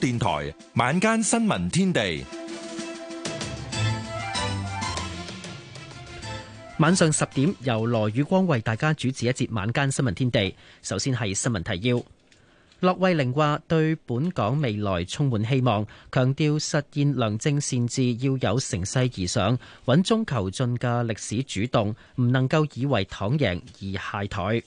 電台晚間新聞天地，晚上十點由羅宇光為大家主持一節晚間新聞天地。首先係新聞提要，駱惠寧話對本港未來充滿希望，強調實現良政善治要有乘勢而上、穩中求進嘅歷史主動，唔能夠以為躺贏而懈怠。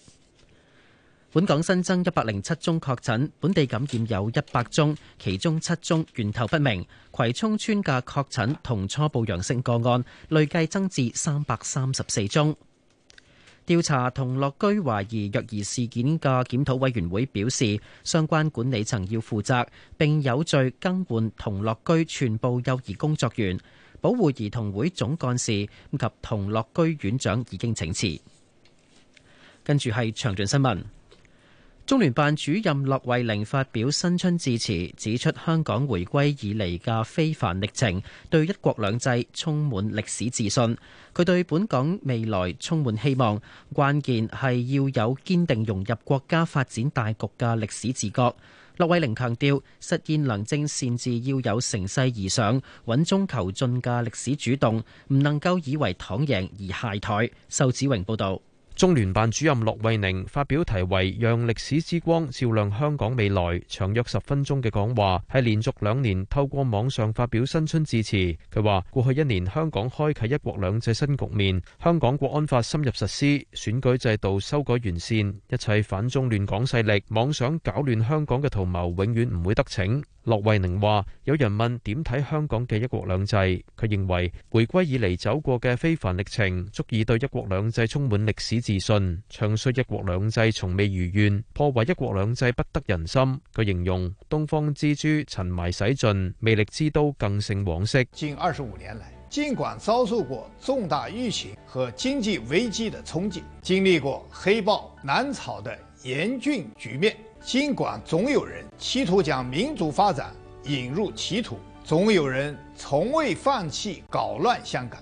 本港新增一百零七宗確診，本地感染有一百宗，其中七宗源頭不明。葵涌村嘅確診同初步陽性個案累計增至三百三十四宗。調查同樂居懷疑虐兒事件嘅檢討委員會表示，相關管理層要負責，並有序更換同樂居全部幼兒工作員。保護兒童會總幹事及同樂居院長已經請辭。跟住係詳盡新聞。中聯辦主任駱惠寧發表新春致辭，指出香港回歸以來嘅非凡歷程，對一國兩制充滿歷史自信。佢對本港未來充滿希望，關鍵係要有堅定融入國家發展大局嘅歷史自覺。駱惠寧強調，實現良政善治要有乘勢而上、穩中求進嘅歷史主動，唔能夠以為躺贏而懈怠。仇子榮報導。中聯辦主任駱惠寧發表題為《讓歷史之光照亮香港未來》長約十分鐘嘅講話，係連續兩年透過網上發表新春致辭。佢話：過去一年香港開啟一國兩制新局面，香港國安法深入實施，選舉制度修改完善，一切反中亂港勢力妄想搞亂香港嘅圖謀永遠唔會得逞。駱惠寧話：有人問點睇香港嘅一國兩制，佢認為回歸以嚟走過嘅非凡歷程，足以對一國兩制充滿歷史自信，唱衰一國兩制從未如願，破壞一國兩制不得人心。佢形容東方之珠沉埋洗盡，魅力之都更勝往昔。近二十五年來，儘管遭受過重大疫情和經濟危機的衝擊，經歷過黑暴攬炒的嚴峻局面，儘管總有人企圖將民族發展引入歧途，總有人從未放棄搞亂香港。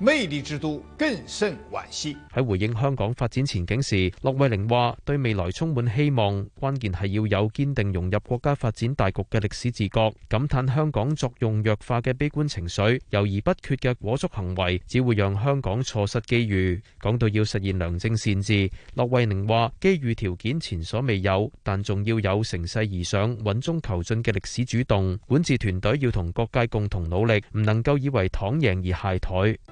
魅力之都更甚惋惜。喺回應香港發展前景時，駱惠寧話：對未來充滿希望，關鍵係要有堅定融入國家發展大局嘅歷史自覺。感嘆香港作用弱化嘅悲觀情緒，猶豫不決嘅裹足行為，只會讓香港錯失機遇。講到要實現良政善治，駱惠寧話：機遇條件前所未有，但仲要有乘勢而上、穩中求進嘅歷史主動。管治團隊要同各界共同努力，唔能夠以為躺贏而懈怠。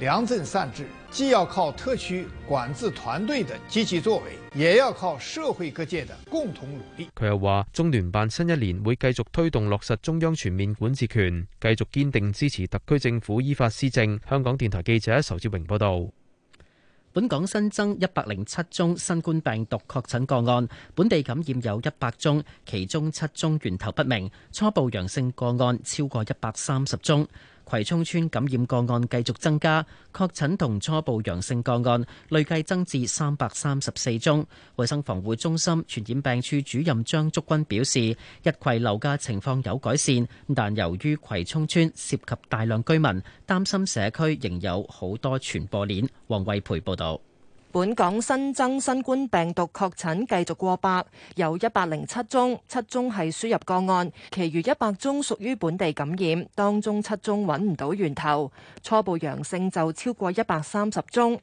良政善治既要靠特區管治團隊的積極作為，也要靠社會各界的共同努力。佢又話，中聯辦新一年會繼續推動落實中央全面管治權，繼續堅定支持特區政府依法施政。香港電台記者仇志榮報道。本港新增一百零七宗新冠病毒確診個案，本地感染有一百宗，其中七宗源頭不明，初步陽性個案超過一百三十宗。葵涌村感染個案繼續增加，確診同初步陽性個案累計增至三百三十四宗。衛生防護中心傳染病處主任張竹君表示，一葵樓嘅情況有改善，但由於葵涌村涉及大量居民，擔心社區仍有好多傳播鏈，黃惠培報道。本港新增新冠病毒確診繼續過百，有一百零七宗，七宗係輸入個案，其餘一百宗屬於本地感染，當中七宗揾唔到源頭，初步陽性就超過一百三十宗。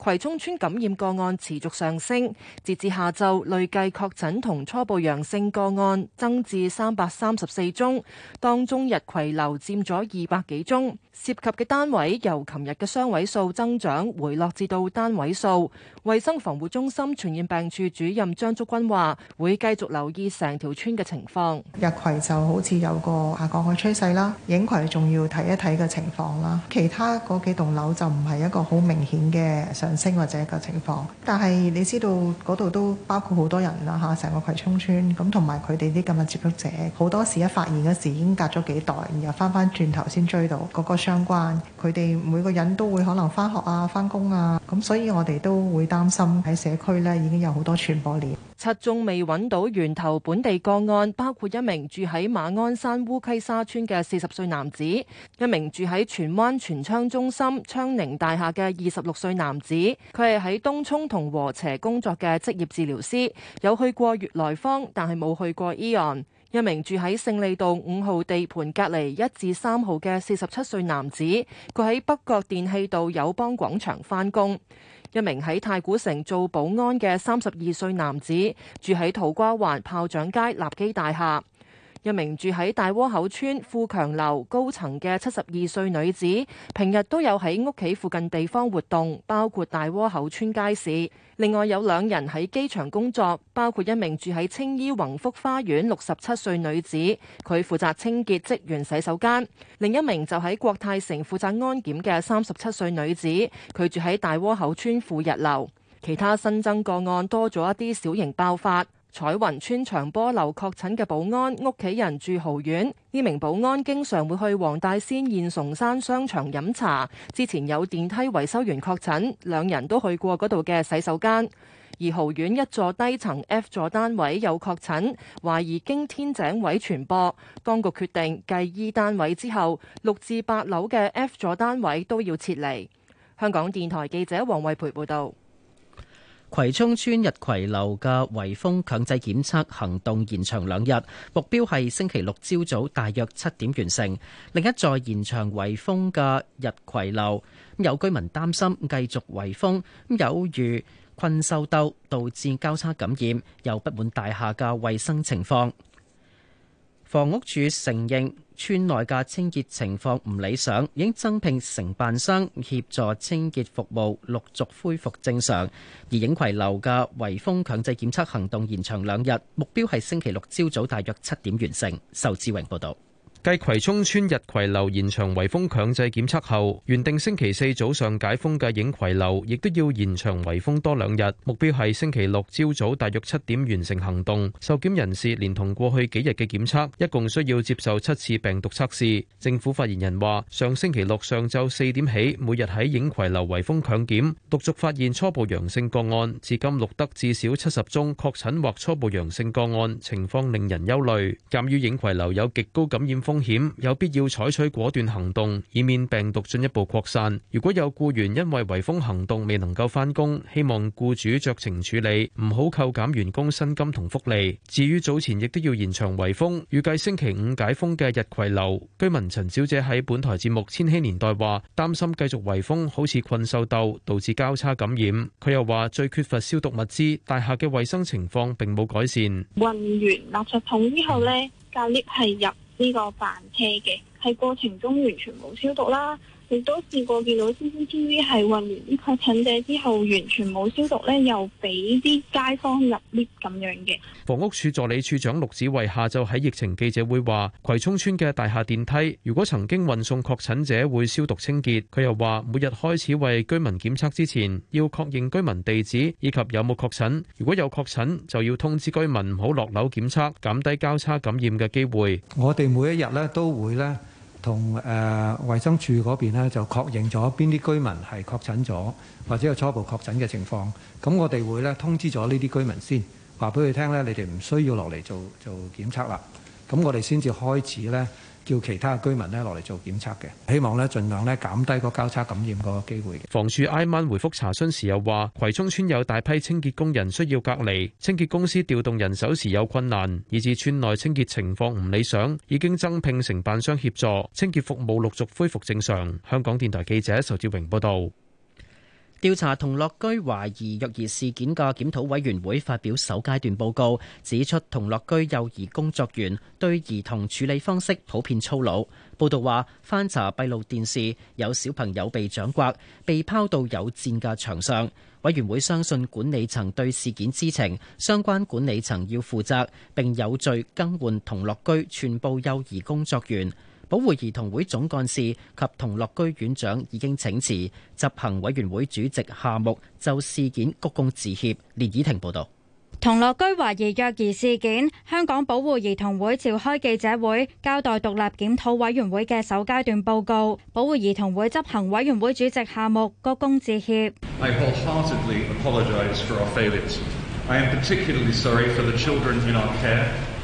葵涌村感染個案持續上升，截至下晝累計確診同初步陽性個案增至三百三十四宗，當中日葵樓佔咗二百幾宗，涉及嘅單位由琴日嘅雙位數增長回落至到單位數，衛生防護中心傳染病處主任張竹君話會繼續留意成條村嘅情況，日葵就好似有個啊下降嘅趨勢啦，影葵仲要睇一睇嘅情況啦，其他嗰幾棟樓就唔係一個好明顯嘅。或者嘅情況，但係你知道嗰度都包括好多人啦嚇，成個葵涌村咁，同埋佢哋啲咁嘅接觸者，好多時一發現嗰時已經隔咗幾代，然後翻翻轉頭先追到嗰個相關，佢哋每個人都會可能翻學啊、翻工啊，咁所以我哋都會擔心喺社區呢已經有好多傳播鏈。七宗未揾到源頭本地個案，包括一名住喺馬鞍山烏溪沙村嘅四十歲男子，一名住喺荃灣荃昌中心昌寧大廈嘅二十六歲男子，佢係喺東涌同和斜工作嘅職業治療師，有去過悅來坊，但係冇去過伊、e、朗。一名住喺勝利道五號地盤隔離一至三號嘅四十七歲男子，佢喺北角電器道友邦廣場翻工。一名喺太古城做保安嘅三十二歲男子，住喺土瓜灣炮仗街立基大廈。一名住喺大窩口村富強樓高層嘅七十二歲女子，平日都有喺屋企附近地方活動，包括大窩口村街市。另外有兩人喺機場工作，包括一名住喺青衣宏福花園六十七歲女子，佢負責清潔職員洗手間；另一名就喺國泰城負責安檢嘅三十七歲女子，佢住喺大窩口村富逸樓。其他新增個案多咗一啲小型爆發。彩雲村長波樓確診嘅保安，屋企人住豪苑。呢名保安經常會去黃大仙燕崇山商場飲茶。之前有電梯維修員確診，兩人都去過嗰度嘅洗手間。而豪苑一座低層 F 座單位有確診，懷疑經天井位傳播。當局決定繼 E 單位之後，六至八樓嘅 F 座單位都要撤離。香港電台記者黃慧培報道。葵涌村日葵樓嘅圍封強制檢測行動延長兩日，目標係星期六朝早大約七點完成。另一座延長圍封嘅日葵樓，有居民擔心繼續圍封有如困獸鬥，導致交叉感染，又不滿大廈嘅衛生情況。房屋署承認。村內嘅清潔情況唔理想，已經增聘承辦商協助清潔服務，陸續恢復正常。而影葵樓嘅圍封強制檢測行動延長兩日，目標係星期六朝早大約七點完成。仇志榮報道。繼葵涌村日葵樓延長圍封強制檢測後，原定星期四早上解封嘅影葵樓亦都要延長圍封多兩日，目標係星期六朝早大約七點完成行動。受檢人士連同過去幾日嘅檢測，一共需要接受七次病毒測試。政府發言人話：上星期六上晝四點起，每日喺影葵樓圍封強檢，陸續發現初步陽性個案，至今錄得至少七十宗確診或初步陽性個案，情況令人憂慮。鑑於影葵樓有極高感染。風險，有必要採取果斷行動，以免病毒進一步擴散。如果有雇員因為圍封行動未能夠翻工，希望雇主酌情處理，唔好扣減員工薪金同福利。至於早前亦都要延長圍封，預計星期五解封嘅日葵樓。居民陳小姐喺本台節目《千禧年代》話，擔心繼續圍封好似困獸鬥，導致交叉感染。佢又話最缺乏消毒物資，大廈嘅衛生情況並冇改善。運完垃圾桶之後呢，隔 lift 係入。呢個辦車嘅，係過程中完全冇消毒啦。你都試過見到 CCTV 係運完啲確診者之後，完全冇消毒呢，又俾啲街坊入 lift 咁樣嘅。房屋署助理署長陸子慧下晝喺疫情記者會話：葵涌村嘅大廈電梯，如果曾經運送確診者，會消毒清潔。佢又話：每日開始為居民檢測之前，要確認居民地址以及有冇確診。如果有確診，就要通知居民唔好落樓檢測，減低交叉感染嘅機會。我哋每一日呢都會呢。同誒、呃、衛生署嗰邊咧就確認咗邊啲居民係確診咗，或者有初步確診嘅情況。咁我哋會咧通知咗呢啲居民先，話俾佢聽咧，你哋唔需要落嚟做做檢測啦。咁我哋先至開始咧。叫其他居民咧落嚟做檢測嘅，希望咧儘量咧減低個交叉感染個機會嘅。房署挨晚回覆查詢時又話：葵涌村有大批清潔工人需要隔離，清潔公司調動人手時有困難，以致村內清潔情況唔理想，已經增聘承辦商協助，清潔服務陸續恢復正常。香港電台記者仇志榮報導。調查同樂居懷疑虐兒事件嘅檢討委員會發表首階段報告，指出同樂居幼兒工作員對兒童處理方式普遍粗魯。報道話，翻查閉路電視，有小朋友被掌摑、被拋到有箭嘅牆上。委員會相信管理層對事件知情，相關管理層要負責，並有序更換同樂居全部幼兒工作員。保護兒童會總幹事及同樂居院長已經請辭，執行委員會主席夏木就事件鞠躬致歉。連以婷報道。同樂居懷疑虐兒事件，香港保護兒童會召開記者會，交代獨立檢討委員會嘅首階段報告。保護兒童會執行委員會主席夏木鞠躬致歉。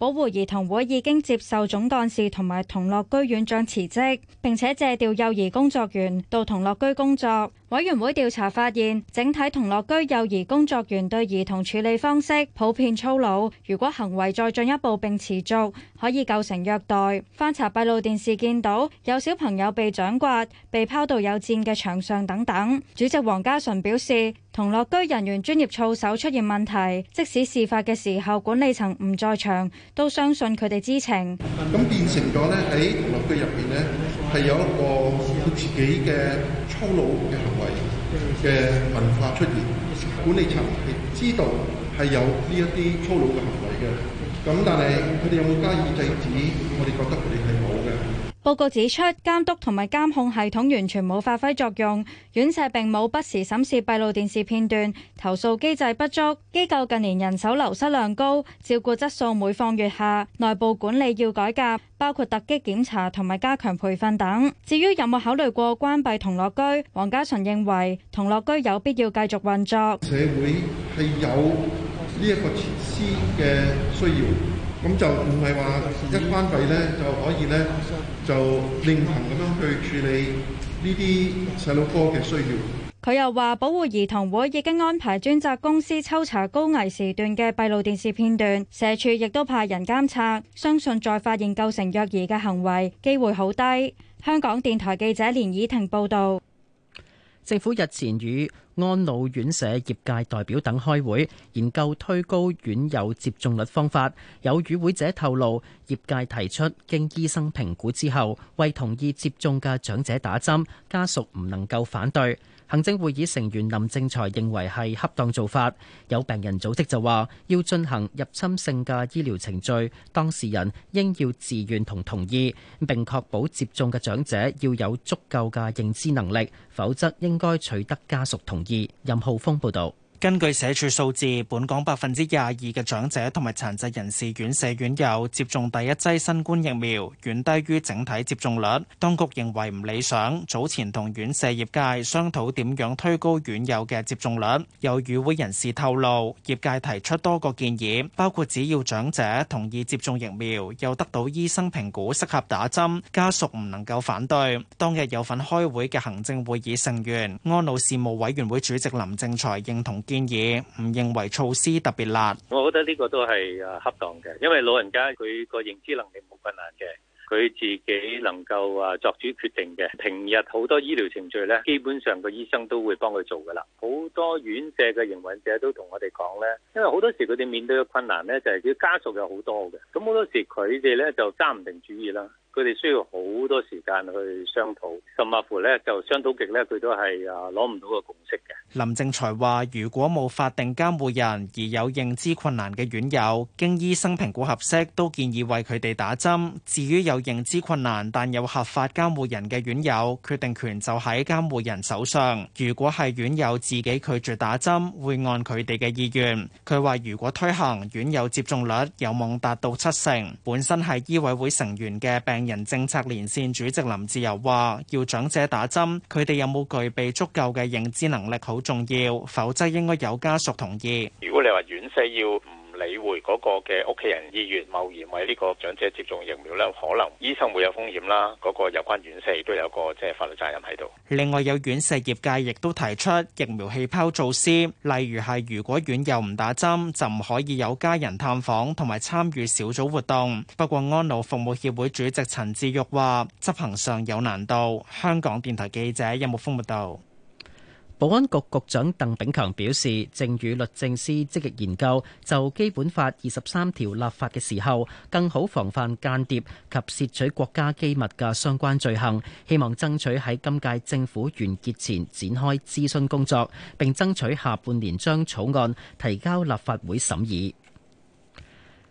保護兒童會已經接受總幹事同埋同樂居院長辭職，並且借調幼兒工作員到同樂居工作。委員會調查發現，整體同樂居幼兒工作員對兒童處理方式普遍粗魯，如果行為再進一步並持續，可以構成虐待。翻查閉路電視見到有小朋友被掌摑、被拋到有箭嘅牆上等等。主席黃家純表示。同樂居人員專業操守出現問題，即使事發嘅時候管理層唔在場，都相信佢哋知情。咁變成咗咧喺同樂居入邊咧係有一個佢自己嘅粗魯嘅行為嘅文化出現。管理層係知道係有呢一啲粗魯嘅行為嘅，咁但係佢哋有冇加以制止？我哋覺得佢哋係冇嘅。報告指出，監督同埋監控系統完全冇發揮作用，院舍並冇不時審視閉路電視片段，投訴機制不足，機構近年人手流失量高，照顧質素每況愈下，內部管理要改革，包括突擊檢查同埋加強培訓等。至於有冇考慮過關閉同樂居？黃家純認為同樂居有必要繼續運作，社會係有呢一個設施嘅需要。咁就唔係話一關閉呢，就可以呢，就另行咁樣去處理呢啲細路哥嘅需要。佢又話：保護兒童會已經安排專責公司抽查高危時段嘅閉路電視片段，社署亦都派人監察，相信再發現構成虐兒嘅行為機會好低。香港電台記者連以婷報導。政府日前與安老院舍業界代表等開會，研究推高院友接種率方法。有與會者透露，業界提出經醫生評估之後，為同意接種嘅長者打針，家屬唔能夠反對。行政會議成員林正財認為係恰當做法，有病人組織就話要進行入侵性嘅醫療程序，當事人應要自願同同意，並確保接種嘅長者要有足夠嘅認知能力，否則應該取得家屬同意。任浩峰報導。根據社署數字，本港百分之廿二嘅長者同埋殘疾人士院舍院友接種第一劑新冠疫苗，遠低於整體接種率。當局認為唔理想，早前同院舍業界商討點樣推高院友嘅接種率。有與會人士透露，業界提出多個建議，包括只要長者同意接種疫苗，又得到醫生評估適合打針，家屬唔能夠反對。當日有份開會嘅行政會議成員，安老事務委員會主席林正財認同。建議唔認為措施特別辣，我覺得呢個都係誒恰當嘅，因為老人家佢個認知能力冇困難嘅。佢自己能夠啊作主決定嘅，平日好多醫療程序咧，基本上個醫生都會幫佢做㗎喇。好多院舍嘅營運者都同我哋講咧，因為好多時佢哋面對嘅困難咧，就係、是、啲家屬有好多嘅，咁好多時佢哋咧就揸唔定主意啦。佢哋需要好多時間去商討，甚至乎咧就商討極咧，佢都係啊攞唔到個共識嘅。林正財話：如果冇法定監護人而有認知困難嘅院友，經醫生評估合適，都建議為佢哋打針。至於有認知困難但有合法監護人嘅院友，決定權就喺監護人手上。如果係院友自己拒絕打針，會按佢哋嘅意願。佢話如果推行，院友接種率有望達到七成。本身係醫委會成員嘅病人政策連線主席林志友話，要長者打針，佢哋有冇具備足夠嘅認知能力好重要，否則應該有家屬同意。如果你話院舍要理會嗰個嘅屋企人意願，貿然為呢個長者接種疫苗咧，可能醫生會有風險啦。嗰個有關院舍亦都有個即係法律責任喺度。另外，有院舍業界亦都提出疫苗氣泡措施，例如係如果院友唔打針就唔可以有家人探訪，同埋參與小組活動，不過安老服務協會主席陳志玉話執行上有難度。香港電台記者任木豐報道。保安局局長鄧炳強表示，正與律政司積極研究就《基本法》二十三條立法嘅時候，更好防範間諜及竊取國家機密嘅相關罪行，希望爭取喺今屆政府完結前展開諮詢工作，并爭取下半年將草案提交立法會審議。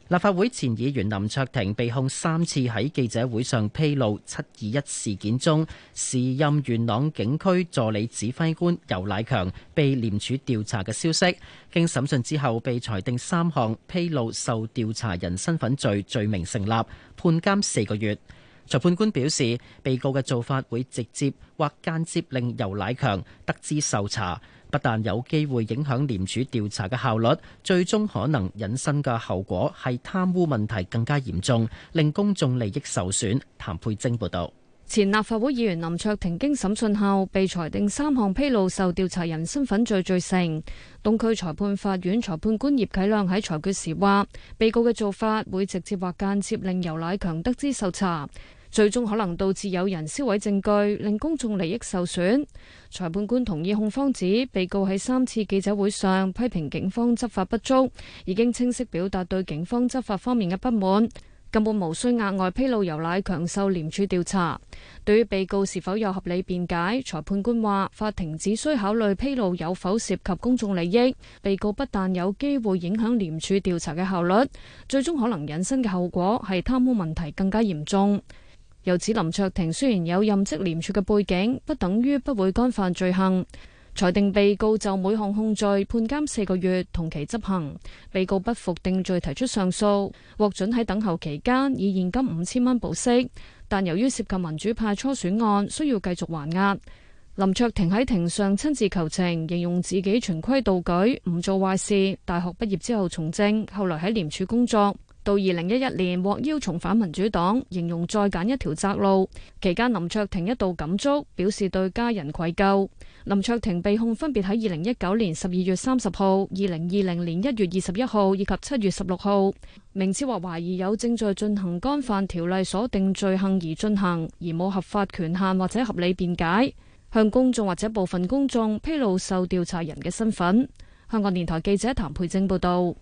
立法會前議員林卓廷被控三次喺記者會上披露七二一事件中時任元朗警區助理指揮官尤乃強被廉署調查嘅消息，經審訊之後被裁定三項披露受調查人身份罪罪名成立，判監四個月。裁判官表示，被告嘅做法會直接或間接令尤乃強得知受查。不但有機會影響廉署調查嘅效率，最終可能引申嘅後果係貪污問題更加嚴重，令公眾利益受損。譚佩晶報導，前立法會議員林卓廷經審訊後被裁定三項披露受調查人身份罪罪成。東區裁判法院裁判官葉啟亮喺裁決時話，被告嘅做法會直接或間接令游乃強得知受查。最終可能導致有人銷毀證據，令公眾利益受損。裁判官同意控方指，被告喺三次記者會上批評警方執法不足，已經清晰表達對警方執法方面嘅不滿，根本無需額外披露油奶強受廉署調查。對於被告是否有合理辯解，裁判官話：法庭只需考慮披露有否涉及公眾利益。被告不但有機會影響廉署調查嘅效率，最終可能引申嘅後果係貪污問題更加嚴重。由此，林卓廷雖然有任職廉署嘅背景，不等於不會干犯罪行。裁定被告就每項控罪判監四個月，同期執行。被告不服定罪提出上訴，獲准喺等候期間以現金五千蚊保釋，但由於涉及民主派初選案，需要繼續還押。林卓廷喺庭上親自求情，形容自己循規蹈矩，唔做壞事。大學畢業之後從政，後來喺廉署工作。到二零一一年獲邀重返民主黨，形容再揀一條窄路。期間林卓廷一度感觸，表示對家人愧疚。林卓廷被控分別喺二零一九年十二月三十號、二零二零年一月二十一號以及七月十六號，明知或懷疑有正在進行干犯條例所定罪行而進行，而冇合法權限或者合理辯解，向公眾或者部分公眾披露受調查人嘅身份。香港電台記者譚佩正報道。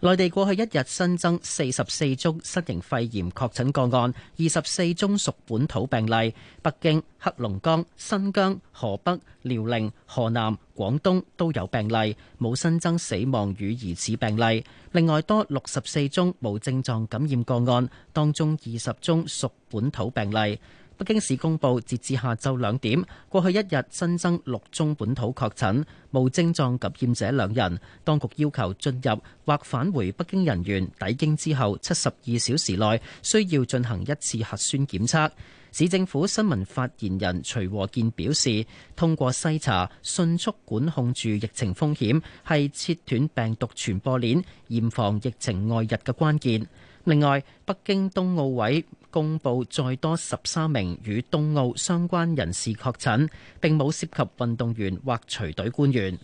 內地過去一日新增四十四宗新型肺炎確診個案，二十四宗屬本土病例。北京、黑龍江、新疆、河北、遼寧、河南、廣東都有病例，冇新增死亡與疑似病例。另外多六十四宗冇症狀感染個案，當中二十宗屬本土病例。北京市公布，截至下晝兩點，過去一日新增六宗本土確診，無症狀感染者兩人。當局要求進入或返回北京人員抵京之後七十二小時內需要進行一次核酸檢測。市政府新聞發言人徐和建表示，通過篩查，迅速管控住疫情風險，係切斷病毒傳播鏈、嚴防疫情外溢嘅關鍵。另外，北京冬奧委公布再多十三名與東奧相關人士確診，並冇涉及運動員或隨隊官員。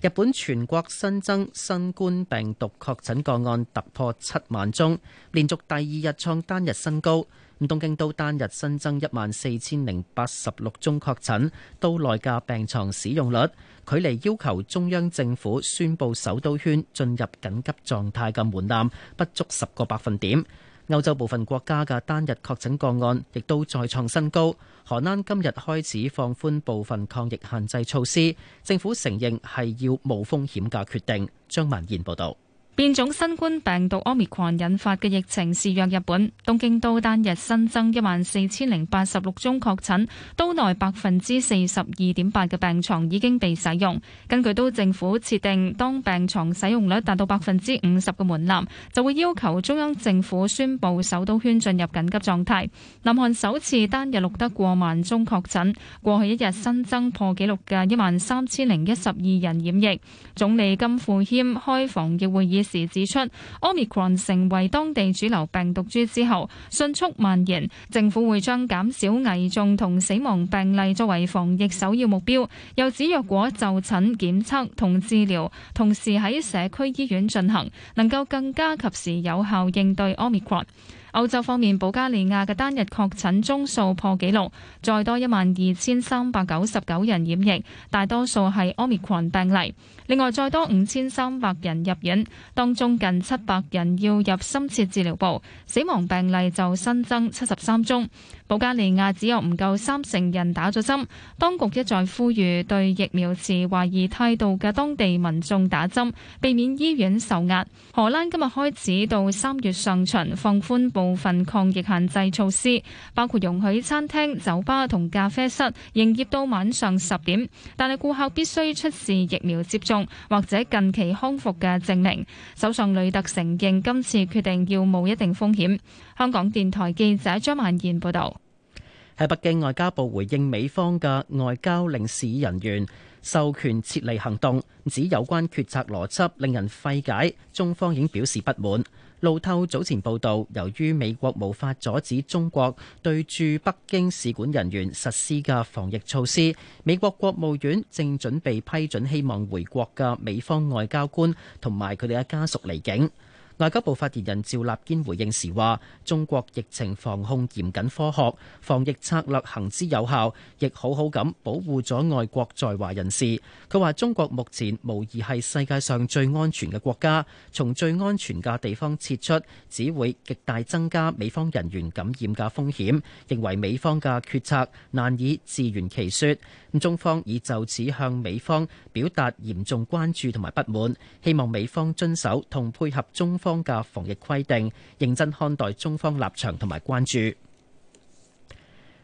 日本全國新增新冠病毒確診個案突破七萬宗，連續第二日創單日新高。東京都單日新增一萬四千零八十六宗確診，都內嘅病床使用率距離要求中央政府宣布首都圈進入緊急狀態嘅門檻不足十個百分點。歐洲部分國家嘅單日確診個案亦都再創新高。荷蘭今日開始放寬部分抗疫限制措施，政府承認係要冒風險嘅決定。張文賢報導。變種新冠病毒 Omicron 引發嘅疫情肆虐日本，東京都單日新增一萬四千零八十六宗確診，都內百分之四十二點八嘅病床已經被使用。根據都政府設定，當病床使用率達到百分之五十嘅門檻，就會要求中央政府宣布首都圈進入緊急狀態。南韓首次單日錄得過萬宗確診，過去一日新增破紀錄嘅一萬三千零一十二人染疫。總理金富謙開防疫會議。時指出，Omicron 成為當地主流病毒株之後，迅速蔓延，政府會將減少危重同死亡病例作為防疫首要目標。又指若果就診檢測同治療同時喺社區醫院進行，能夠更加及時有效應對 Omicron。歐洲方面，保加利亞嘅單日確診宗數破紀錄，再多一萬二千三百九十九人染疫，大多數係 Omicron 病例。另外，再多五千三百人入院，當中近七百人要入深切治療部，死亡病例就新增七十三宗。保加利亞只有唔夠三成人打咗針。當局一再呼籲對疫苗持懷疑態度嘅當地民眾打針，避免醫院受壓。荷蘭今日開始到三月上旬放寬部分抗疫限制措施，包括容許餐廳、酒吧同咖啡室營業到晚上十點，但係顧客必須出示疫苗接種或者近期康復嘅證明。首相里特承認今次決定要冒一定風險。香港電台記者張曼燕報道，喺北京外交部回應美方嘅外交領事人員授權撤離行動，指有關決策邏輯令人費解，中方已經表示不滿。路透早前報道，由於美國無法阻止中國對駐北京使館人員實施嘅防疫措施，美國國務院正準備批准希望回國嘅美方外交官同埋佢哋嘅家屬離境。外交部發言人趙立堅回應時話：中國疫情防控嚴謹科學，防疫策略行之有效，亦好好咁保護咗外國在華人士。佢話：中國目前無疑係世界上最安全嘅國家，從最安全嘅地方撤出，只會極大增加美方人員感染嘅風險。認為美方嘅決策難以自圓其說。中方已就此向美方表達嚴重關注同埋不滿，希望美方遵守同配合中方方嘅防疫規定，認真看待中方立場同埋關注。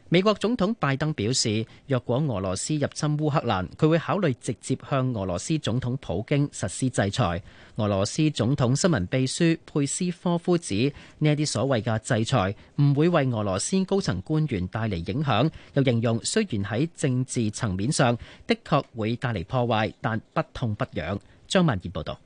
美國總統拜登表示，若果俄羅斯入侵烏克蘭，佢會考慮直接向俄羅斯總統普京實施制裁。俄羅斯總統新聞秘書佩斯科夫指，呢一啲所謂嘅制裁唔會為俄羅斯高層官員帶嚟影響，又形容雖然喺政治層面上的確會帶嚟破壞，但不痛不癢。張曼燕報道。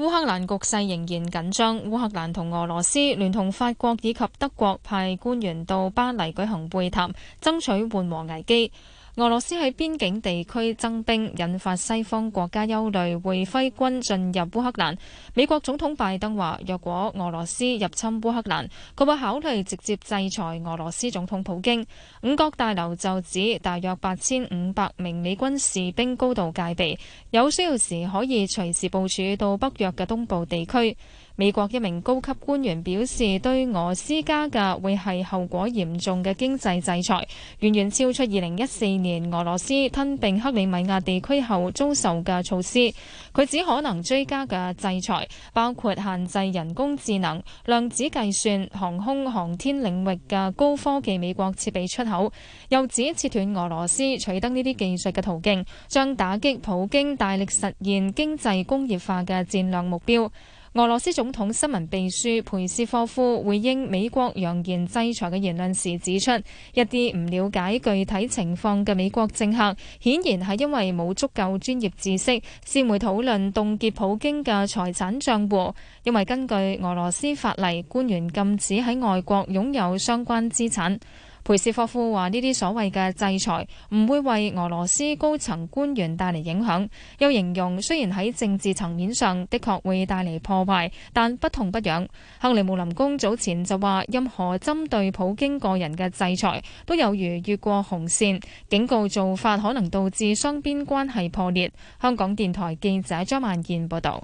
烏克蘭局勢仍然緊張，烏克蘭同俄羅斯聯同法國以及德國派官員到巴黎舉行會談，爭取緩和危機。俄羅斯喺邊境地區增兵，引發西方國家憂慮，會揮軍進入烏克蘭。美國總統拜登話：若果俄羅斯入侵烏克蘭，佢會考慮直接制裁俄羅斯總統普京。五角大樓就指大約八千五百名美軍士兵高度戒備，有需要時可以隨時部署到北約嘅東部地區。美國一名高級官員表示：對俄施加嘅會係後果嚴重嘅經濟制裁，遠遠超出二零一四。年俄羅斯吞併克里米亞地區後遭受嘅措施。佢只可能追加嘅制裁，包括限制人工智能、量子計算、航空航天領域嘅高科技美國設備出口，又指切斷俄羅斯取得呢啲技術嘅途徑，將打擊普京大力實現經濟工業化嘅戰略目標。俄羅斯總統新聞秘書佩斯科夫回應美國揚言制裁嘅言論時指出，一啲唔了解具體情況嘅美國政客，顯然係因為冇足夠專業知識，先會討論凍結普京嘅財產賬戶，因為根據俄羅斯法例，官員禁止喺外國擁有相關資產。培斯霍夫話：呢啲所謂嘅制裁唔會為俄羅斯高層官員帶嚟影響，又形容雖然喺政治層面上的確會帶嚟破壞，但不痛不癢。克里姆林宮早前就話任何針對普京個人嘅制裁都有如越過紅線，警告做法可能導致雙邊關係破裂。香港電台記者張萬健報道。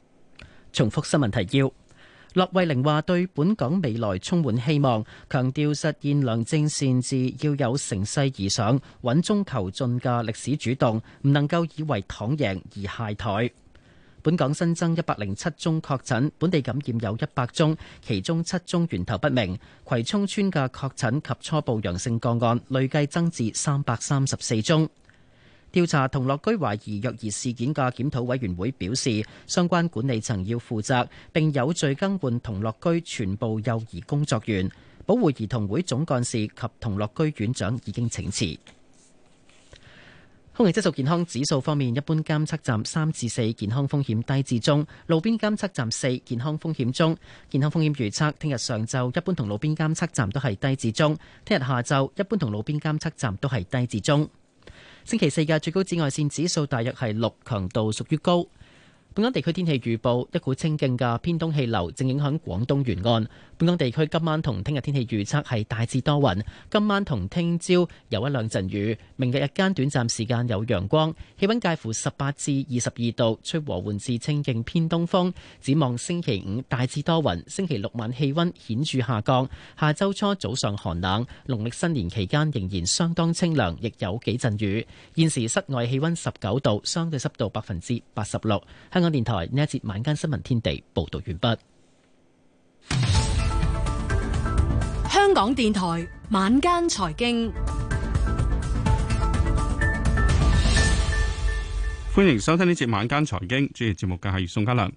重複新聞提要。駱惠寧話：對本港未來充滿希望，強調實現良政善治要有乘勢而上、穩中求進嘅歷史主動，唔能夠以為躺贏而懈怠。本港新增一百零七宗確診，本地感染有一百宗，其中七宗源頭不明。葵涌村嘅確診及初步陽性個案累計增至三百三十四宗。調查同樂居懷疑虐兒事件嘅檢討委員會表示，相關管理層要負責，並有序更換同樂居全部幼兒工作員。保護兒童會總幹事及同樂居院長已經請辭。空氣質素健康指數方面，一般監測站三至四，健康風險低至中；路邊監測站四，健康風險中。健康風險預測：聽日上晝一般同路邊監測站都係低至中；聽日下晝一般同路邊監測站都係低至中。星期四嘅最高紫外線指數大約係六，強度屬於高。本港地區天氣預報，一股清勁嘅偏東氣流正影響廣東沿岸。本港地區今晚同聽日天氣預測係大致多雲。今晚同聽朝有一兩陣雨，明日日間短暫時間有陽光，氣温介乎十八至二十二度，吹和緩至清勁偏東風。展望星期五大致多雲，星期六晚氣温顯著下降，下周初早上寒冷。農曆新年期間仍然相當清涼，亦有幾陣雨。現時室外氣温十九度，相對濕度百分之八十六。香港電台呢一節晚間新聞天地報道完畢。香港電台晚間財經，歡迎收聽呢節晚間財經。主持節目嘅係宋家良。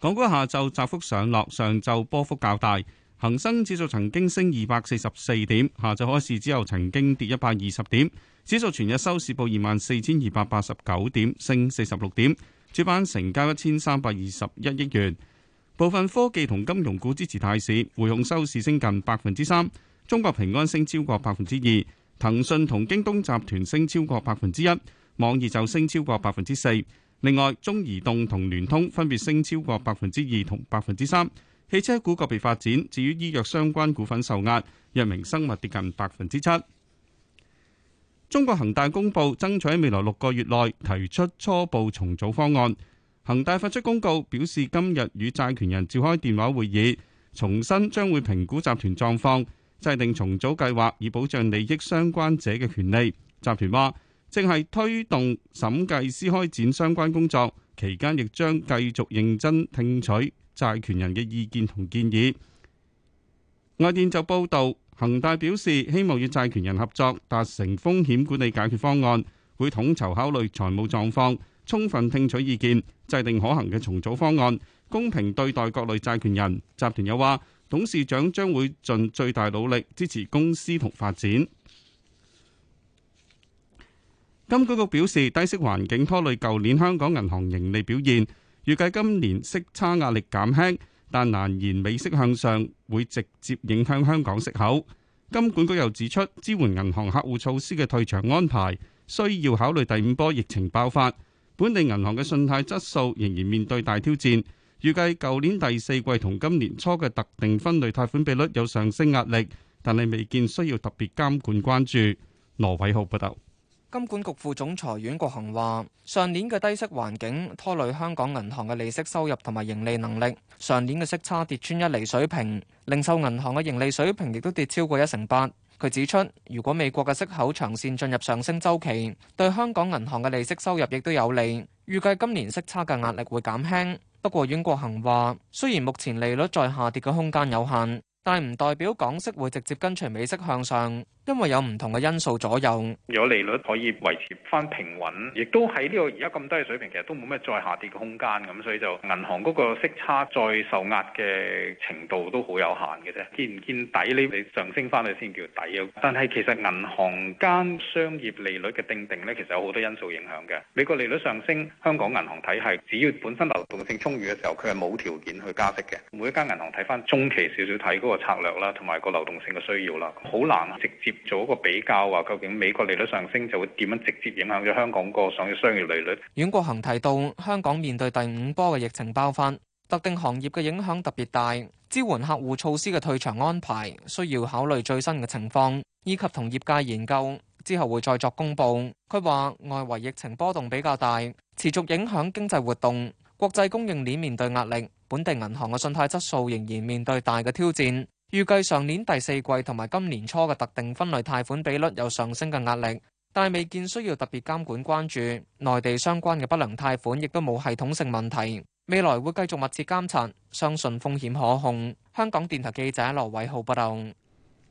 港股下晝窄幅上落，上晝波幅較大。恒生指數曾經升二百四十四點，下晝開市之後曾經跌一百二十點。指數全日收市報二萬四千二百八十九點，升四十六點。主板成交一千三百二十一億元。.部分科技同金融股支持大市，匯控收市升近百分之三。中國平安升超過百分之二，騰訊同京東集團升超過百分之一，網易就升超過百分之四。另外，中移動同聯通分別升超過百分之二同百分之三。汽車股個別發展，至於醫藥相關股份受壓，藥明生物跌近百分之七。中國恒大公佈爭取喺未來六個月內提出初步重組方案。恒大發出公告，表示今日與債權人召開電話會議，重新將會評估集團狀況，制定重組計劃，以保障利益相關者嘅權利。集團話，正係推動審計師開展相關工作，期間亦將繼續認真聽取債權人嘅意見同建議。外電就報道，恒大表示希望與債權人合作，達成風險管理解決方案，會統籌考慮財務狀況。充分聽取意見，制定可行嘅重組方案，公平對待各類債權人。集團又話，董事長將會盡最大努力支持公司同發展。金管局表示，低息環境拖累舊年香港銀行盈利表現，預計今年息差壓力減輕，但難言美息向上會直接影響香港息口。金管局又指出，支援銀行客戶措施嘅退場安排需要考慮第五波疫情爆發。本地銀行嘅信貸質素仍然面對大挑戰，預計舊年第四季同今年初嘅特定分類貸款比率有上升壓力，但係未見需要特別監管關注。羅偉浩報導。金管局副總裁阮國恒話，上年嘅低息環境拖累香港銀行嘅利息收入同埋盈利能力，上年嘅息差跌穿一厘水平，零售銀行嘅盈利水平亦都跌超過一成八。佢指出，如果美國嘅息口長線進入上升周期，對香港銀行嘅利息收入亦都有利。預計今年息差嘅壓力會減輕，不過阮國恒話，雖然目前利率再下跌嘅空間有限，但唔代表港息會直接跟隨美息向上。因為有唔同嘅因素左右，有利率可以維持翻平穩，亦都喺呢個而家咁低嘅水平，其實都冇咩再下跌嘅空間咁，所以就銀行嗰個息差再受壓嘅程度都好有限嘅啫。見唔見底？你上升翻去先叫底啊！但係其實銀行間商業利率嘅定定咧，其實有好多因素影響嘅。美國利率上升，香港銀行體系只要本身流動性充裕嘅時候，佢係冇條件去加息嘅。每一間銀行睇翻中期少少睇嗰個策略啦，同埋個流動性嘅需要啦，好難直接。做一個比較話，究竟美國利率上升就會點樣直接影響咗香港個上嘅商業利率？阮國恒提到，香港面對第五波嘅疫情爆發，特定行業嘅影響特別大，支援客戶措施嘅退場安排需要考慮最新嘅情況，以及同業界研究之後會再作公佈。佢話：外圍疫情波動比較大，持續影響經濟活動，國際供應鏈面對壓力，本地銀行嘅信貸質素仍然面對大嘅挑戰。預計上年第四季同埋今年初嘅特定分類貸款比率有上升嘅壓力，但未見需要特別監管關注。內地相關嘅不良貸款亦都冇系統性問題，未來會繼續密切監察，相信風險可控。香港電台記者羅偉浩報道。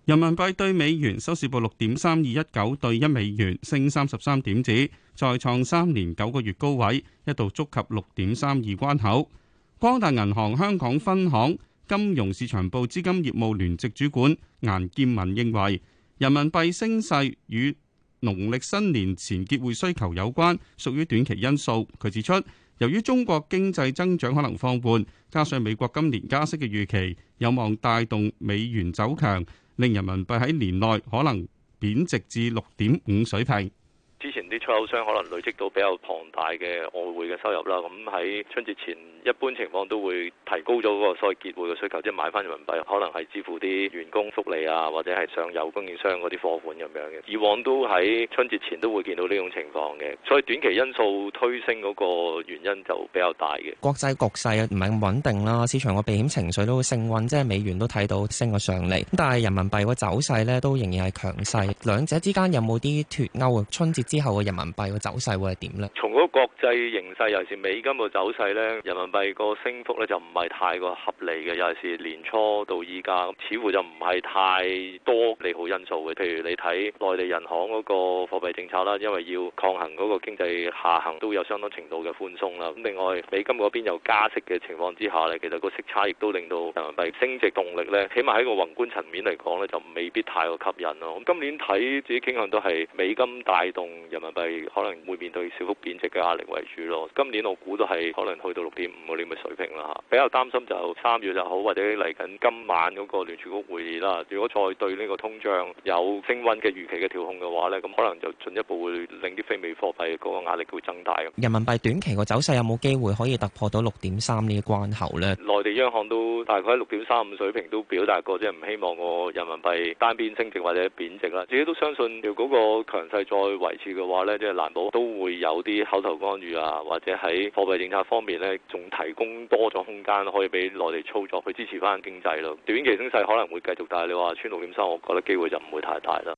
人民幣對美元收市報六點三二一九對一美元，升三十三點子，再創三年九個月高位，一度觸及六點三二關口。光大銀行香港分行金融市場部資金業務聯席主管顏建文認為，人民幣升勢與農曆新年前結匯需求有關，屬於短期因素。佢指出，由於中國經濟增長可能放緩，加上美國今年加息嘅預期，有望帶動美元走強，令人民幣喺年內可能貶值至六點五水平。之前啲出口商可能累積到比較龐大嘅外匯嘅收入啦，咁喺春節前一般情況都會提高咗嗰個所謂結匯嘅需求，即係買翻人民幣，可能係支付啲員工福利啊，或者係上游供應商嗰啲貨款咁樣嘅。以往都喺春節前都會見到呢種情況嘅，所以短期因素推升嗰個原因就比較大嘅。國際局勢唔係咁穩定啦，啊，市場個避險情緒都會升溫，即係美元都睇到升咗上嚟，咁但係人民幣嘅走勢咧都仍然係強勢，兩者之間有冇啲脫歐春節？之後嘅人民幣嘅走勢會係點呢？從嗰個國際形勢尤其係美金嘅走勢咧，人民幣個升幅咧就唔係太過合理嘅。尤其係年初到依家，似乎就唔係太多利好因素嘅。譬如你睇內地人行嗰個貨幣政策啦，因為要抗衡嗰個經濟下行，都有相當程度嘅寬鬆啦。咁另外美金嗰邊有加息嘅情況之下咧，其實個息差亦都令到人民幣升值動力咧，起碼喺個宏觀層面嚟講咧，就未必太過吸引咯。咁今年睇自己傾向都係美金帶動。人民幣可能會面對小幅貶值嘅壓力為主咯。今年我估都係可能去到六點五個點嘅水平啦嚇。比較擔心就三月就好，或者嚟緊今晚嗰個聯儲局會議啦。如果再對呢個通脹有升溫嘅預期嘅調控嘅話咧，咁可能就進一步會令啲非美貨幣嗰個壓力會增大。人民幣短期嘅走勢有冇機會可以突破到六點三呢個關口呢？內地央行都大概喺六點三五水平都表達過，即係唔希望個人民幣單邊升值或者貶值啦。自己都相信，要嗰個強勢再維持嘅話咧，即係難保都會有啲口頭干預啊，或者喺貨幣政策方面咧，仲提供多咗空間可以俾內地操作去支持翻經濟咯。短期經濟可能會繼續，但係你話穿六點三，我覺得機會就唔會太大啦。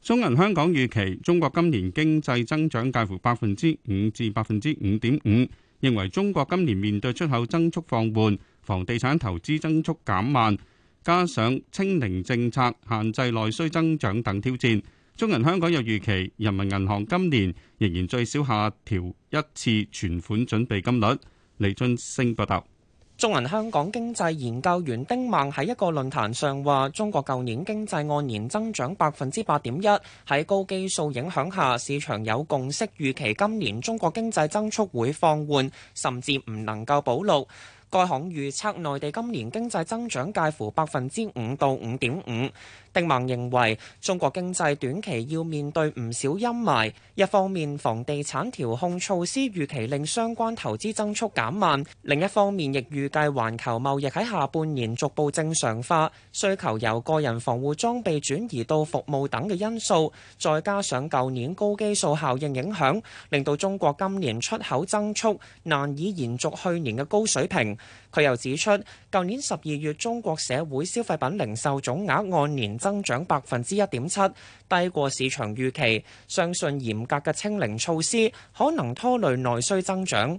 中銀香港預期中國今年經濟增長介乎百分之五至百分之五點五，認為中國今年面對出口增速放緩、房地產投資增速減慢，加上清零政策限制內需增長等挑戰。中銀香港又預期，人民銀行今年仍然最少下調一次存款準備金率。李俊升報道，中銀香港經濟研究員丁孟喺一個論壇上話，中國舊年經濟按年增長百分之八點一，喺高基數影響下，市場有共識預期今年中國經濟增速會放緩，甚至唔能夠保六。該行預測內地今年經濟增長介乎百分之五到五點五。丁孟認為，中國經濟短期要面對唔少陰霾。一方面，房地產調控措施預期令相關投資增速減慢；另一方面，亦預計環球貿易喺下半年逐步正常化，需求由個人防護裝備轉移到服務等嘅因素，再加上舊年高基數效應影響，令到中國今年出口增速難以延續去年嘅高水平。佢又指出，舊年十二月中國社會消費品零售總額按年增長百分之一點七，低過市場預期。相信嚴格嘅清零措施可能拖累內需增長。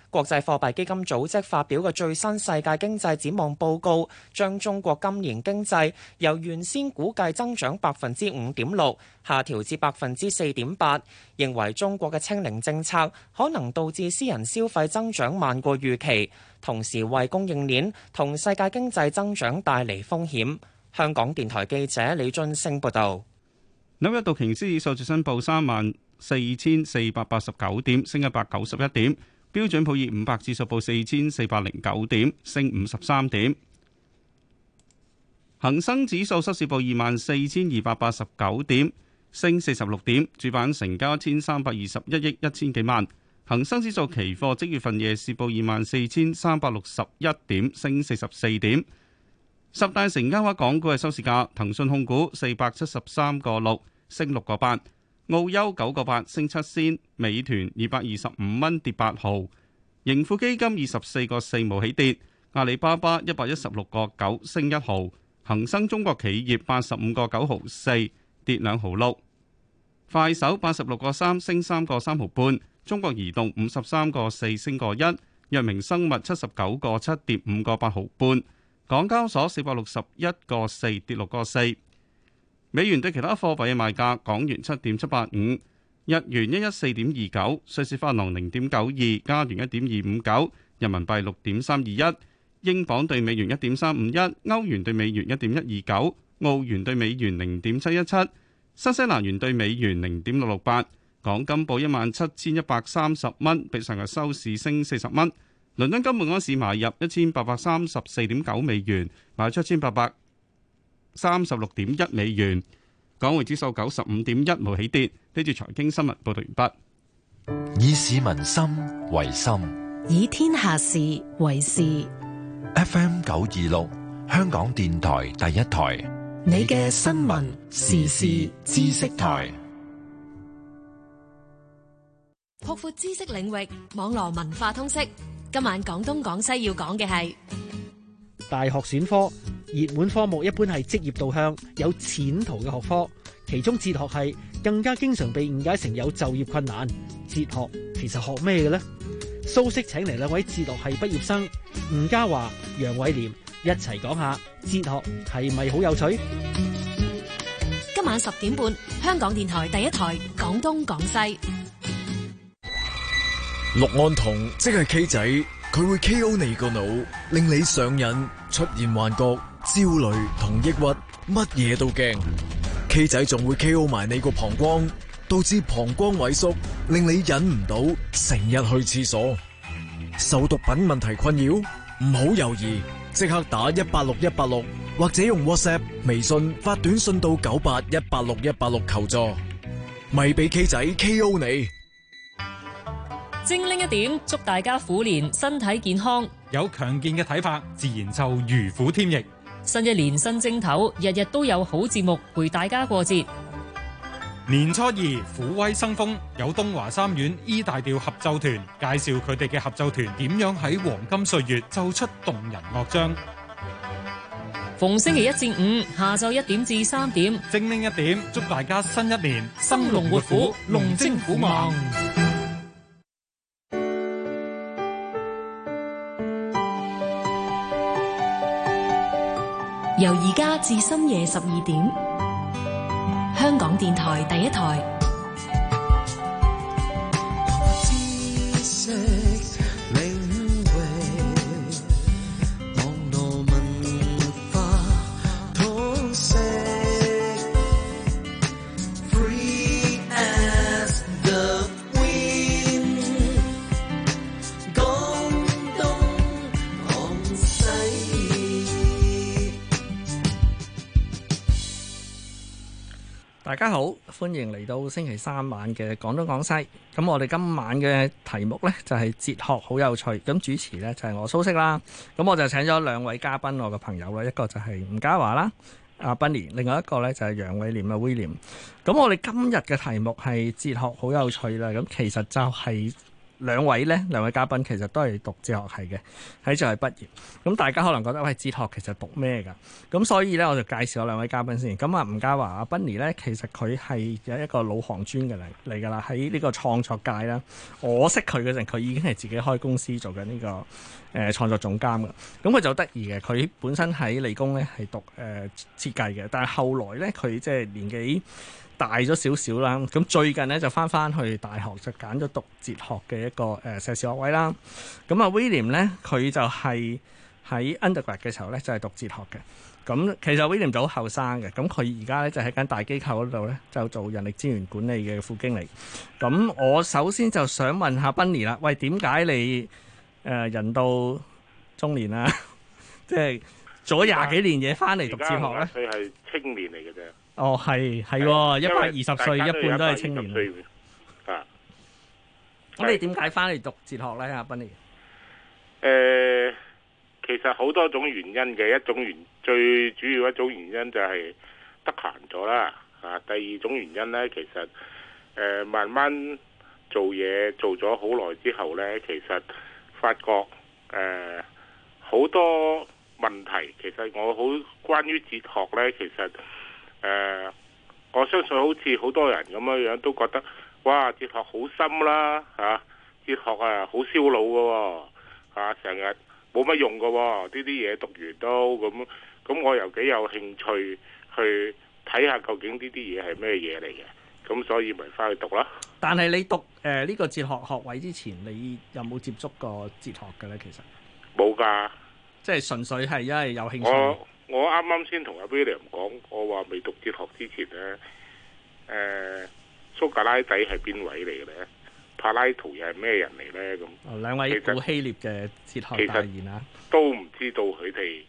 國際貨幣基金組織發表嘅最新世界經濟展望報告，將中國今年經濟由原先估計增長百分之五點六，下調至百分之四點八，認為中國嘅清零政策可能導致私人消費增長慢過預期，同時為供應鏈同世界經濟增長帶嚟風險。香港電台記者李俊升道思思報導。紐約道瓊斯指數最新報三萬四千四百八十九點，升一百九十一點。標準普爾五百指數報四千四百零九點，升五十三點。恆生指數收市報二萬四千二百八十九點，升四十六點。主板成交一千三百二十一億一千幾萬。恒生指數期貨即月份夜市報二萬四千三百六十一點，升四十四點。十大成交股港股嘅收市價，騰訊控股四百七十三個六，升六個八。澳優九個八升七仙，美團二百二十五蚊跌八毫，盈富基金二十四個四冇起跌，阿里巴巴一百一十六個九升一毫，恒生中國企業八十五個九毫四跌兩毫六，快手八十六個三升三個三毫半，中國移動五十三個四升個一，藥明生物七十九個七跌五個八毫半，港交所四百六十一個四跌六個四。美元對其他貨幣嘅賣價：港元七點七八五，日元一一四點二九，瑞士法郎零點九二，加元一點二五九，人民幣六點三二一，英鎊對美元一點三五一，歐元對美元一點一二九，澳元對美元零點七一七，新西蘭元對美元零點六六八。港金報一萬七千一百三十蚊，比上日收市升四十蚊。倫敦金本港市買入一千八百三十四點九美元，賣出一千八百。三十六點一美元，港匯指數九十五點一，無起跌。呢段財經新聞報道完畢。以市民心為心，以天下事為事。FM 九二六，香港電台第一台，你嘅新聞時事知識台，擴闊知識領域，網絡文化通識。今晚廣東廣西要講嘅係大學選科。熱門科目一般係職業導向、有前途嘅學科，其中哲學系更加經常被誤解成有就業困難。哲學其實學咩嘅呢？蘇軾請嚟兩位哲學系畢業生吳家華、楊偉廉一齊講下，哲學係咪好有趣？今晚十點半，香港電台第一台，廣東廣西。氯胺酮即係 K 仔，佢會 KO 你個腦，令你上癮，出現幻覺。焦慮同抑鬱，乜嘢都驚。K 仔仲會 K O 埋你個膀胱，導致膀胱萎縮，令你忍唔到，成日去廁所。受毒品問題困擾，唔好猶豫，即刻打一八六一八六，6, 或者用 WhatsApp、微信發短信到九八一八六一八六求助，咪俾 K 仔 K O 你。精靈一點，祝大家虎年身體健康，有強健嘅體魄，自然就如虎添翼。新一年新正頭，日日都有好節目陪大家過節。年初二虎威生風，有東華三院 E 大調合奏團介紹佢哋嘅合奏團點樣喺黃金歲月奏出動人樂章。逢星期一至五下晝一點至三點，精靈一點，祝大家新一年生龍活虎，龍精虎猛。由而家至深夜十二點，香港電台第一台。大家好，歡迎嚟到星期三晚嘅廣東廣西。咁我哋今晚嘅題目呢，就係哲學好有趣。咁主持呢，就係我蘇軾啦。咁我就請咗兩位嘉賓我嘅朋友啦，一個就係吳家華啦，阿 Bunny；另外一個呢，就係楊偉廉阿威廉。咁我哋今日嘅題目係哲學好有趣啦。咁其實就係。兩位咧，兩位嘉賓其實都係讀哲學系嘅，喺就係畢業。咁大家可能覺得喂，哲學其實讀咩噶？咁所以咧，我就介紹我兩位嘉賓先。咁啊，吳家華阿 Benny 咧，其實佢係有一個老行尊嘅啦，嚟㗎啦，喺呢個創作界啦。我識佢嗰陣，佢已經係自己開公司做緊呢、這個誒創、呃、作總監㗎。咁、嗯、佢就得意嘅，佢本身喺理工咧係讀誒設計嘅，但係後來咧佢即係年紀。大咗少少啦，咁最近咧就翻翻去大學就揀咗讀哲學嘅一個誒碩、呃、士學位啦。咁啊 William 咧佢就係喺 Undergrad 嘅時候咧就係、是、讀哲學嘅。咁、啊、其實 William 就好後生嘅，咁佢而家咧就喺、是、間大機構嗰度咧就做人力資源管理嘅副經理。咁、啊、我首先就想問下 Benny 啦，喂，點解你誒、呃、人到中年啦，即 係、就是。做咗廿幾年嘢，翻嚟讀哲學呢？佢係青年嚟嘅啫。哦，係係一百二十歲，一半都係青年。啊，咁你點解翻嚟讀哲學呢？阿 Ben 呢？誒，其實好多種原因嘅，一種原，最主要一種原因就係得閒咗啦。啊，第二種原因呢，其實誒、呃、慢慢做嘢做咗好耐之後呢，其實發覺誒好、呃、多。問題其實我好關於哲學呢。其實誒、呃，我相信好似好多人咁樣樣都覺得哇哲學好深啦嚇、啊，哲學啊好燒腦噶喎成日冇乜用噶喎、哦，呢啲嘢讀完都咁咁、嗯嗯，我又幾有興趣去睇下究竟呢啲嘢係咩嘢嚟嘅，咁、嗯、所以咪翻去讀啦。但係你讀誒呢、呃這個哲學學位之前，你有冇接觸過哲學嘅呢？其實冇㗎。即係純粹係因為有興趣。我啱啱先同阿 William 講，我話未讀哲學之前咧，誒、呃，蘇格拉底係邊位嚟嘅咧？柏拉圖又係咩人嚟咧？咁、哦，兩位好希臘嘅哲學大賢啊，都唔知道佢哋。